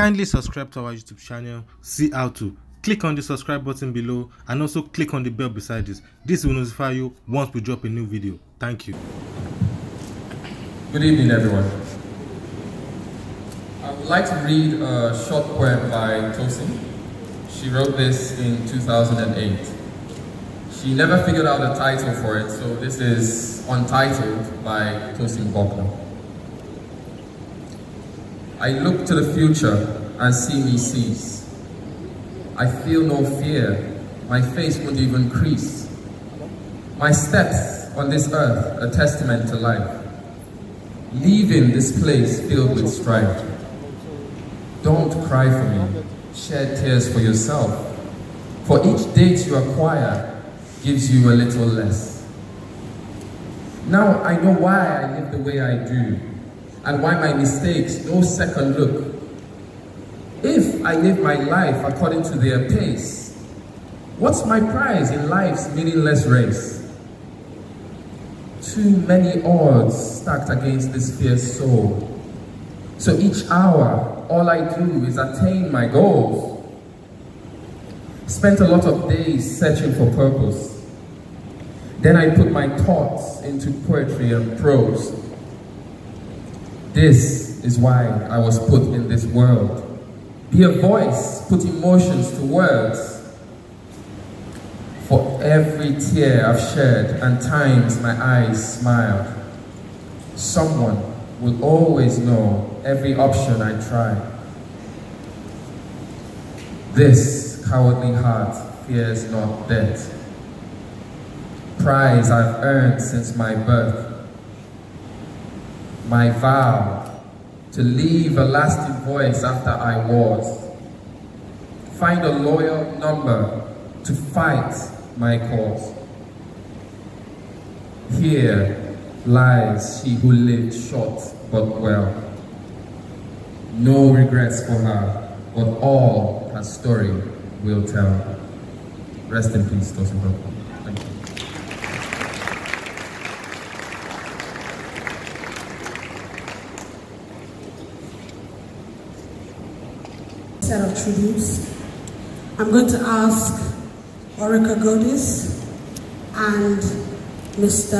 Kindly subscribe to our YouTube channel, see how to. Click on the subscribe button below and also click on the bell beside this. This will notify you once we drop a new video. Thank you. Good evening, everyone. I would like to read a short poem by Tosin. She wrote this in 2008. She never figured out a title for it, so this is Untitled by Tosin Bogner. I look to the future and see me cease. I feel no fear, my face would even crease. My steps on this earth are testament to life. Leaving this place filled with strife. Don't cry for me, shed tears for yourself. For each date you acquire gives you a little less. Now I know why I live the way I do and why my mistakes no second look. If I live my life according to their pace, what's my prize in life's meaningless race? Too many odds stacked against this fierce soul. So each hour, all I do is attain my goals. Spent a lot of days searching for purpose. Then I put my thoughts into poetry and prose this is why I was put in this world. Be a voice, put emotions to words. For every tear I've shed and times my eyes smiled, someone will always know every option I try. This cowardly heart fears not death. Prize I've earned since my birth, my vow to leave a lasting voice after I was. Find a loyal number to fight my cause. Here lies she who lived short but well. No regrets for her, but all her story will tell. Rest in peace, Tosin set of tributes. I'm going to ask Orica Godis and Mr.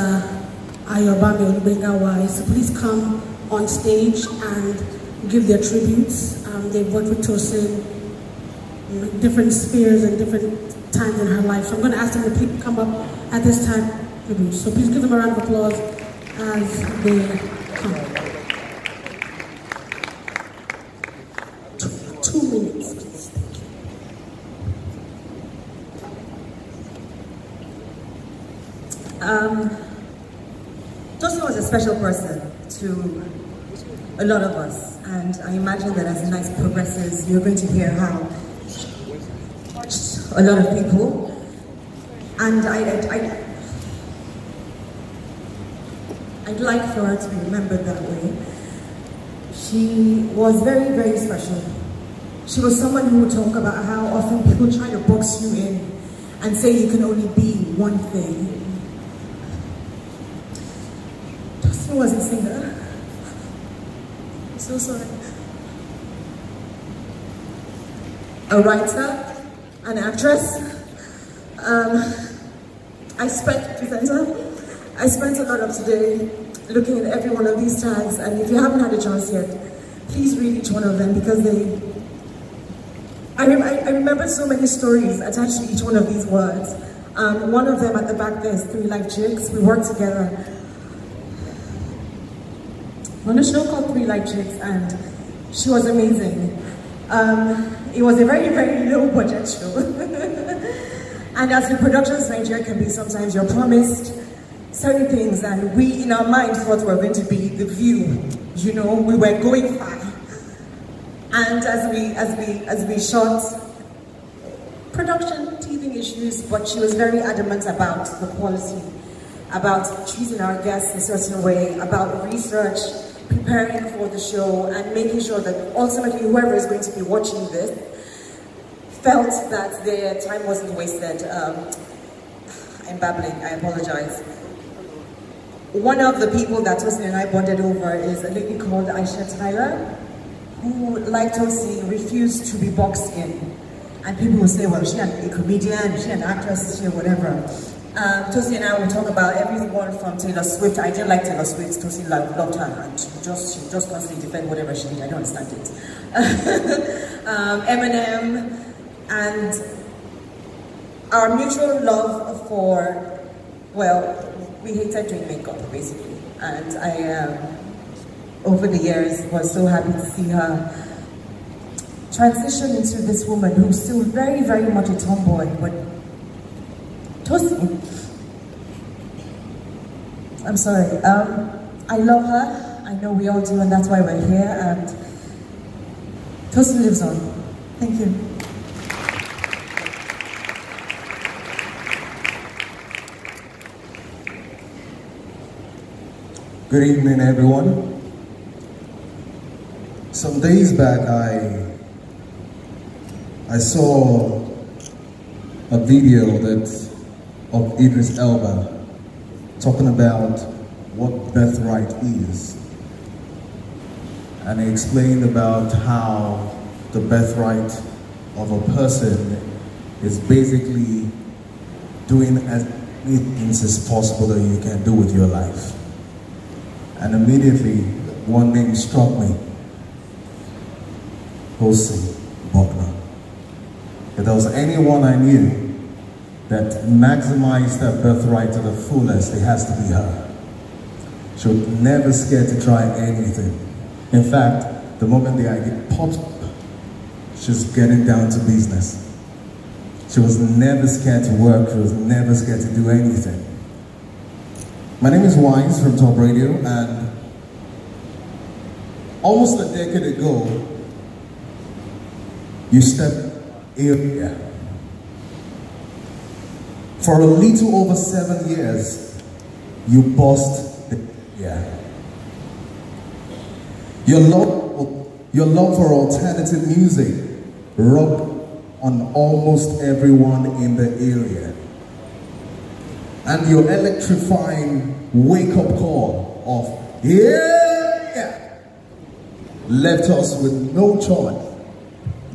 Ayobami Olubengawa to please come on stage and give their tributes. Um, they've worked with Tosin in different spheres and different times in her life. So I'm going to ask them to come up at this time. So please give them a round of applause as they come. special person to a lot of us. And I imagine that as the night progresses, you're going to hear how a lot of people. And I, I, I'd like for her to be remembered that way. She was very, very special. She was someone who would talk about how often people try to box you in and say you can only be one thing who was a singer, I'm so sorry. A writer, an actress. Um, I spent presenter. I spent a lot of today looking at every one of these tags, and if you haven't had a chance yet, please read each one of them because they. I, rem I remember so many stories attached to each one of these words. Um, one of them at the back there is Three Life Jigs. We worked together show called Three Light Chicks and she was amazing. Um, it was a very, very low budget show. and as the productions Nigeria can be sometimes, you're promised certain things and we in our mind thought we were going to be the view. You know, we were going far. And as we, as we, as we shot, production teething issues, but she was very adamant about the quality, about treating our guests a certain way, about research, preparing for the show and making sure that ultimately whoever is going to be watching this felt that their time wasn't wasted. Um, I'm babbling, I apologize. One of the people that Tosin and I bonded over is a lady called Aisha Tyler, who, like Tosin, refused to be boxed in. And people will say, well, she's a comedian, she's an actress, she's whatever. Um, and I will talk about everyone from Taylor Swift. I didn't like Taylor Swift. Tosin loved, loved her, and she just she just constantly defend whatever she did. I don't understand it. um, Eminem, and our mutual love for, well, we hated doing makeup basically, and I, um, over the years, was so happy to see her transition into this woman who's still very, very much a tomboy, but Tosin. I'm sorry. Um, I love her. I know we all do, and that's why we're here. And Tosin lives on. Thank you. Good evening, everyone. Some days back, I I saw a video that of Idris Elba talking about what birthright is. And he explained about how the birthright of a person is basically doing as many things as possible that you can do with your life. And immediately, one name struck me. Jose Buckner. If there was anyone I knew that maximize their birthright to the fullest, it has to be her. She was never scared to try anything. In fact, the moment the idea popped, she's getting down to business. She was never scared to work, she was never scared to do anything. My name is Wise from Top Radio, and almost a decade ago, you stepped in. Yeah. For a little over seven years, you bust the yeah. Your love, your love for alternative music rubbed on almost everyone in the area. And your electrifying wake-up call of yeah, yeah left us with no choice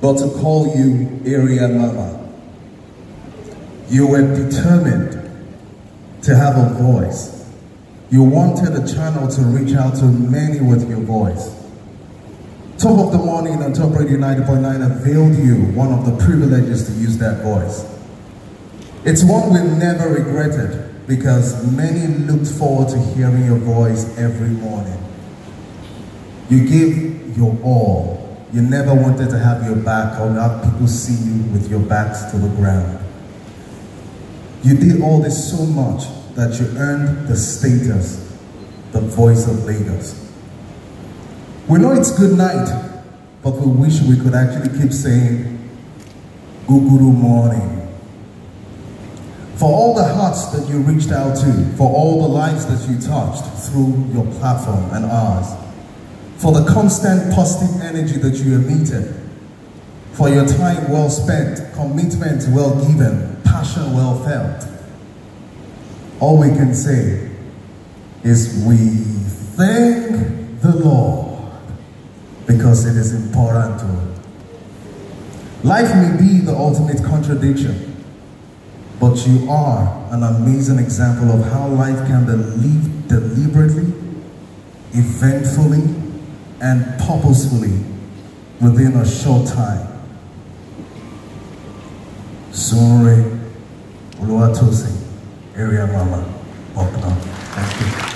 but to call you area mama. You were determined to have a voice. You wanted a channel to reach out to many with your voice. Top of the morning on Top Radio 90.9 availed you one of the privileges to use that voice. It's one we never regretted because many looked forward to hearing your voice every morning. You gave your all. You never wanted to have your back or have people see you with your backs to the ground. You did all this so much that you earned the status, the voice of Lagos. We know it's good night, but we wish we could actually keep saying, Guguru morning. For all the hearts that you reached out to, for all the lives that you touched through your platform and ours, for the constant positive energy that you emitted, for your time well spent, commitment well given, Passion well felt. All we can say is we thank the Lord because it is important to us. Life may be the ultimate contradiction, but you are an amazing example of how life can be lived deliberately, eventfully, and purposefully within a short time. Sunre Oluwatosin, area mama, Okna. Thank you.